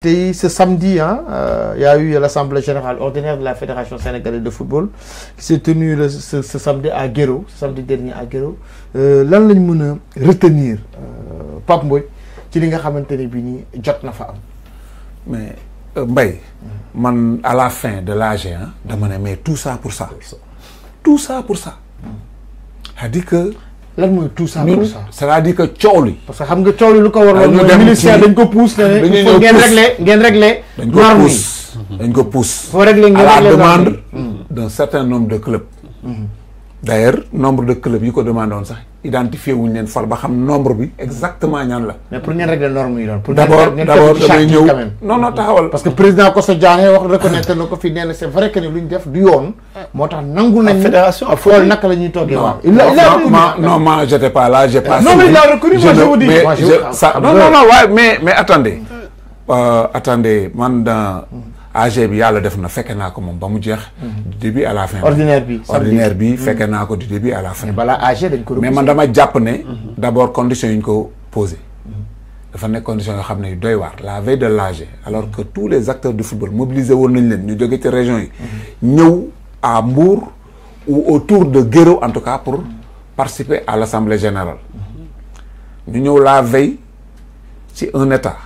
ce samedi, hein, il euh, y a eu l'Assemblée générale ordinaire de la Fédération sénégalaise de football qui s'est tenue ce, samedi à Guéro, ce samedi dernier à Guéro. Euh, L'année lañ mën a retenir euh, Pape Mboy ci li nga xamante bi mais à la fin de l'âge, hein, tout ça pour ça. tout ça pour ça. que. lan mooy tout ça comme ça c'est-à-dire que coow li. parce que xam nga coow li lu ko waroon mooy ministère dañ ko pousse. dañuy dañ ko pousse dañ ko pousse. foo réglé ngeen réglé à la demande d'un certain nombre de clubs. Mm-hmm. d'ailleurs nombre de clubs yi ko demandé woon sax identifié wuñ leen far ba xam nombre bi exactement ñaan la. mais pour ngeen régler norme damay ñëw non taxawal. parce que président Koso wax reconnaître na ko fi nee na c'est vrai que luñ def du yoon. moo tax nangu nañu. fédération ak fool naka la ñuy toogee. waaw il a il a non man j'étais pas là j'ai pas. non mais il a reconnu moi je vous dis. mais je ah, non non non waaye mais mais attendez. Euh, attendez man dans. AG bi a def na mhm. mhm. fekke naa ko du début à la fin. ordinaire bi ordinaire bi fekke naa du début à la fin. mais balaa AG dañ ko mais man dama jàpp mhm. conditions yi ñu ko posé. dafa conditions yoo xam doy la veille de l'AG alors que tous les acteurs du football mobilisés nous nañ leen ñu jóge ci région yi. à Mbour ou autour de guérou en tout cas pour participer à l'assemblée générale. Nous ñëw la veille c'est un état.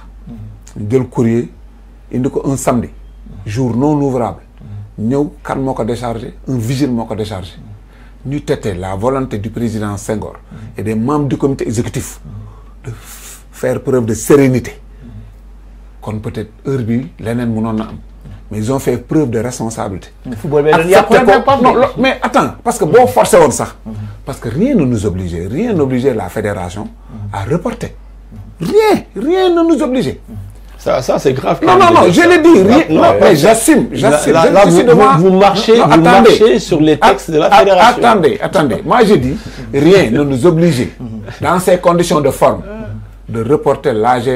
ñu le courrier indi ko un samedi jour non ouvrable nous, kan nous déchargé un vigile nous a déchargé nous la volonté du président Senghor et des membres du comité exécutif de faire preuve de sérénité Qu'on peut-être heure bi mais ils ont fait preuve de responsabilité. mais attends parce que bon forcément ça, parce que rien ne nous obligeait rien n'obligeait la fédération. à reporter. rien rien ne nous obligeait. Ça, c'est grave. Non, non, non, je l'ai dit. Rien, non, mais j'assume. J'assume. Vous, marchez, sur les ah, textes de la ah, fédération. Attendez, attendez. Moi, j'ai dit, rien ne nous oblige, dans ces conditions de forme, de reporter l'âge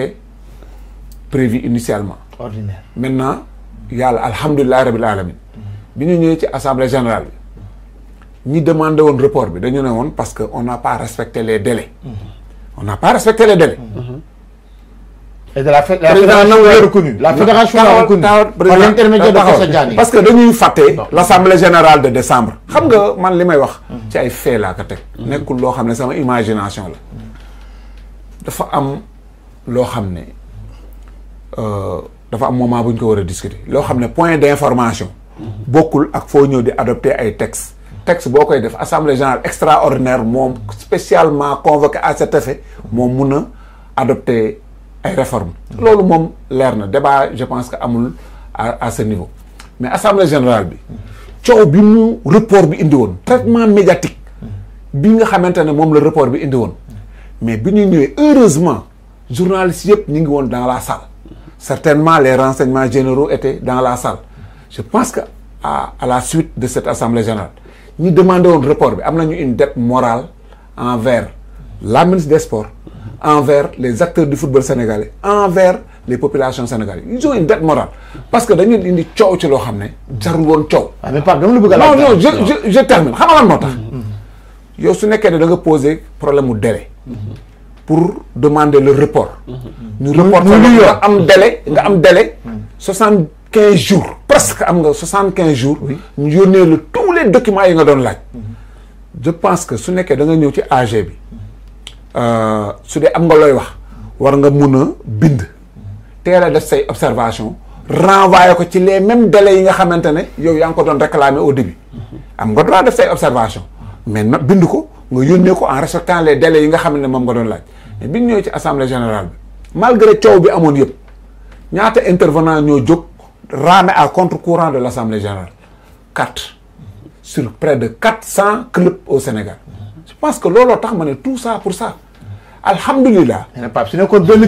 prévu initialement. Ordinaire. Maintenant, il y a Nous sommes à l'Assemblée générale. Nous demandons un report, parce qu'on n'a pas respecté les délais. On n'a pas respecté les délais. Mhm et de la la fédération l'a reconnu la fédération l'a reconnu par l'intermédiaire de Kosa Diané parce que dañuy Faté, l'assemblée générale de décembre xam nga man li wax mm-hmm. ci ay fait là, ko teg mm-hmm. nekkul loo xam ne sama imagination la mm-hmm. dafa am loo xam ne euh, dafa am moment bu ñu ko discuter loo xam point d'information bokkul ak foo ñëw di adopter ay textes texte boo koy def assemblée générale extraordinaire moom spécialement convoqué à cet effet moom mun adopter Réforme. réformes. loolu moom débat je pense que amul à ce niveau mais assemblée générale bi coow bi mu report bi traitement médiatique bi nga xamante ne moom report bi mais bi ñu heureusement journalistes yëpp ngi dans la salle certainement les renseignements généraux étaient dans la salle je pense que à la suite de cette assemblée générale ñi demandé un report bi am nañu une dette morale envers la ministre des sports envers les acteurs du football sénégalais envers les populations sénégalaises ils ont une dette morale parce que dañu indi ci lo xamné ne jarul ah, mais non non je je je termine xam nga lan un mm, mm, mm. Yo su da nga poser problème de délai pour demander le report Nous report nga am délai nga am délai jours presque am jours ñu yónnee le tous les documents yi nga don je pense que su n'est da nga ñëw ci AG bi euh, su dee am nga looy wax war nga mun a bind teel a def say observation renvoyé ko ci les mêmes délais yi nga xamante ne yow yaa ko doon au début am nga droit def say observation mais na bind ko nga yónnee ko en respectant les délais yi nga xam ne moom nga doon laaj mais bi ci assemblée générale bi malgré coow bi amoon yëpp ñaata intervenant qui jóg ramé à contre-courant de l'Assemblée assemblée générale quatre sur près de 400 clubs au Sénégal je pense que looloo tax ma ne tout ça pour ça Alhamdulillah. on est en démocratie.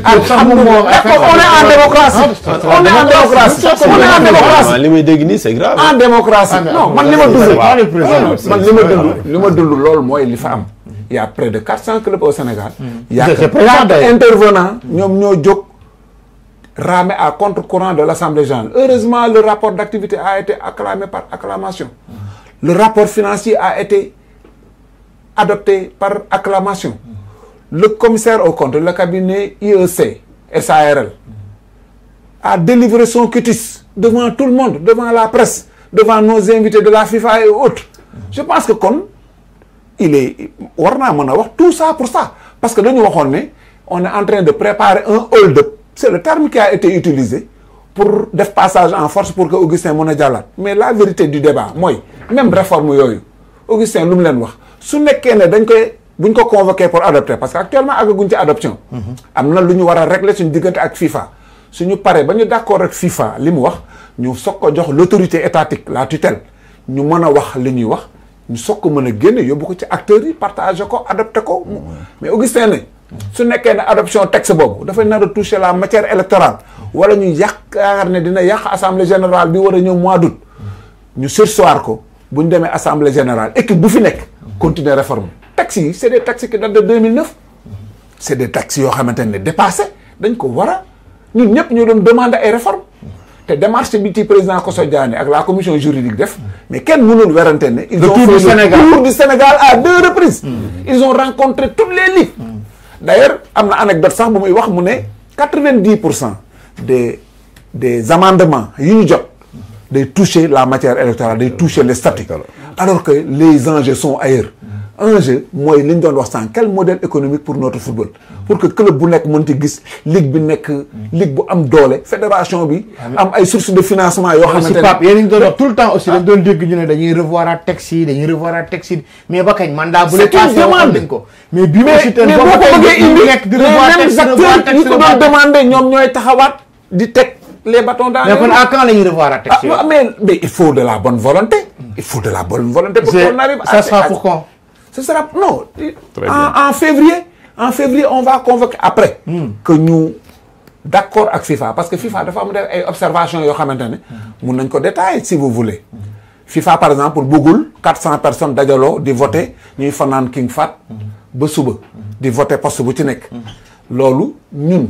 On est en démocratie. On est en démocratie. c'est grave. en démocratie. Ah, non man ne ma il y a près de 400 clubs au Sénégal. Mm. il y a intervenant ñoom ñoo jóg. ramé à contre-courant de l'Assemblée générale. Heureusement, le rapport d'activité a été acclamé par acclamation. Mm. Le rapport financier a été adopté par acclamation le commissaire au compte, le cabinet IEC, SARL, a délivré son cutis devant tout le monde, devant la presse, devant nos invités de la FIFA et autres. Je pense que comme il est, on a tout ça pour ça. Parce que nous, on est en train de préparer un hold-up. C'est le terme qui a été utilisé pour des passage en force pour que Augustin mën mais la vérité du débat moi, même réforme Augustin nous mu dit, wax su buñ ko convoqué pour adopter parce que actuellement àggaguñ ci adoption. Mhm. am na lu ñu régler suñu diggante ak FIFA. suñu paré bañu d'accord ak FIFA limu wax ñu soog jox l'autorité étatique la tutelle ñu mëna wax li wax ñu soog mëna mën yobbu ko ci acteurs yi partagé ko adopter ko. mais Augustin su nekkee ne adoption texte boobu dafay nar a toucher la matière électorale. wala ñu yaakaar ne dina yàq assemblée générale bi war a ñëw mois d'août. ñu sursoir ko buñ demee assemblée générale équipe bu fi nekk. Mhm. continuer réforme taxi c'est des taxis qui datent de 2009 c'est des taxis qui ont été dépassé donc ko nous Nous, nous ñëpp ñu c'est demander démarche bi président Koso la commission juridique def mais monde nous werante ils ont le tour du Sénégal à deux reprises. ils ont rencontré tous les livres. d'ailleurs il anecdote sax des des amendements yu ñu toucher la matière électorale de toucher les statuts alors que les enjeux sont ailleurs. enjeu mooy li ñu doon wax sànq quel modèle économique pour notre football pour que club bu nekk mënti gis ligue bi nekk ligue bu am doole fédération bi am ay sources de financement yoo xamante ne Pape tout le temps aussi ah. dañ doon dégg ñu dañuy revoir à taxi dañuy revoir à taxi mais ba ko mais bii aussi tey boo ko bëggee indi nekk di revoir taxi revoir taxi ñi ko doon ñoom ñooy taxawaat di teg les bâtons dans les roues mais kon à la ñuy revoir ah, il faut de la bonne volonté il faut la bonne volonté pour qu'on arrive ça sera pour Ce sera. Non. En, février, en février, on va convoquer après hmm. que nous. D'accord avec FIFA. Parce que FIFA, de fois, des observations, y a ko détail si vous voulez. FIFA, par exemple, pour Bougoul, 400 personnes d'ailleurs de voter, nous votent King Fat, de voter pour ce Nek Lolo, nous,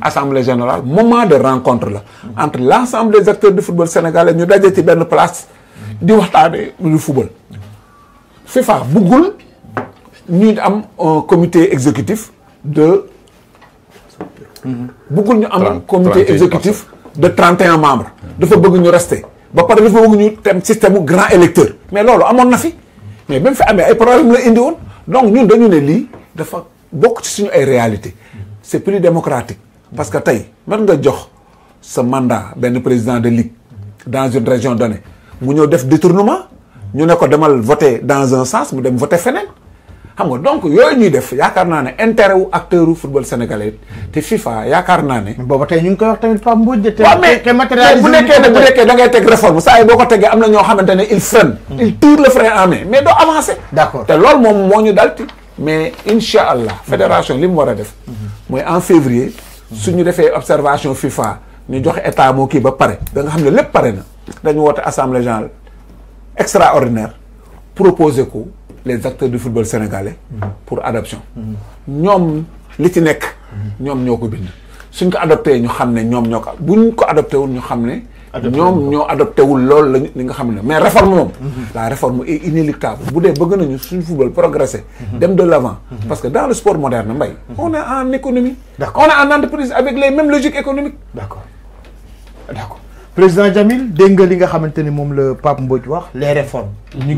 Assemblée générale, moment de rencontre là, entre l'ensemble des acteurs du football sénégalais, nous avons ben place, du le football. FIFA buggul ñu am un comité exécutif de. ñu comité exécutif de 31 membres. dafa bëgg ñu rester ba pare dafa bëgg ñu un système grand électeur. mais loolu amoon na fi mais même fi avons ay problème la indi donc nous, dañu ne lii dafa ci réalité c'est plus démocratique parce que tey mën nga jox ce mandat d'un président de ligue dans une région donnée mu ñëw un détournement ñu ne ko demal voter dans un sens mu dem voter feneen xam nga donc yooyu ñuy def yaakaar naa ne intérêt wu acteur wu football sénégalais te FIFA yaakaar naa ne. booba tey ñu ngi koy wax tamit Pape Mbodj. te te matérialisé bu nekkee ne bu nekkee da ngay teg réforme saa yi boo ko tegee am na ñoo xamante ne il freine. Mm. il tire le frein en main mais doo avancer. d'accord te loolu moom moo ñu dal mais incha allah fédération li mu war a def. Mm-hmm. mooy en février. Mm-hmm. suñu ñu defee observation FIFA ñu joxe état moo kii ba pare. da nga xam ne lépp pare na dañu woote assemblée générale extraordinaire proposé ko les acteurs du football sénégalais pour adoption ñom li ci nek ñom ñoko bind suñ ko adopté ñu xamné ñom ñoko buñ ko adopté wu ñu xamné ñom adopté wu loolu lañ li mais réforme mhm. la réforme est inéluctable bu dé bëgg nañu suñ football progresser mhm. dem de l'avant mhm. parce que dans le sport moderne mbay on est en économie on est en entreprise avec les mêmes logiques économiques d'accord d'accord président Jamil dégg nga li nga xamante ni moom Pape Mbodj wax les réformes.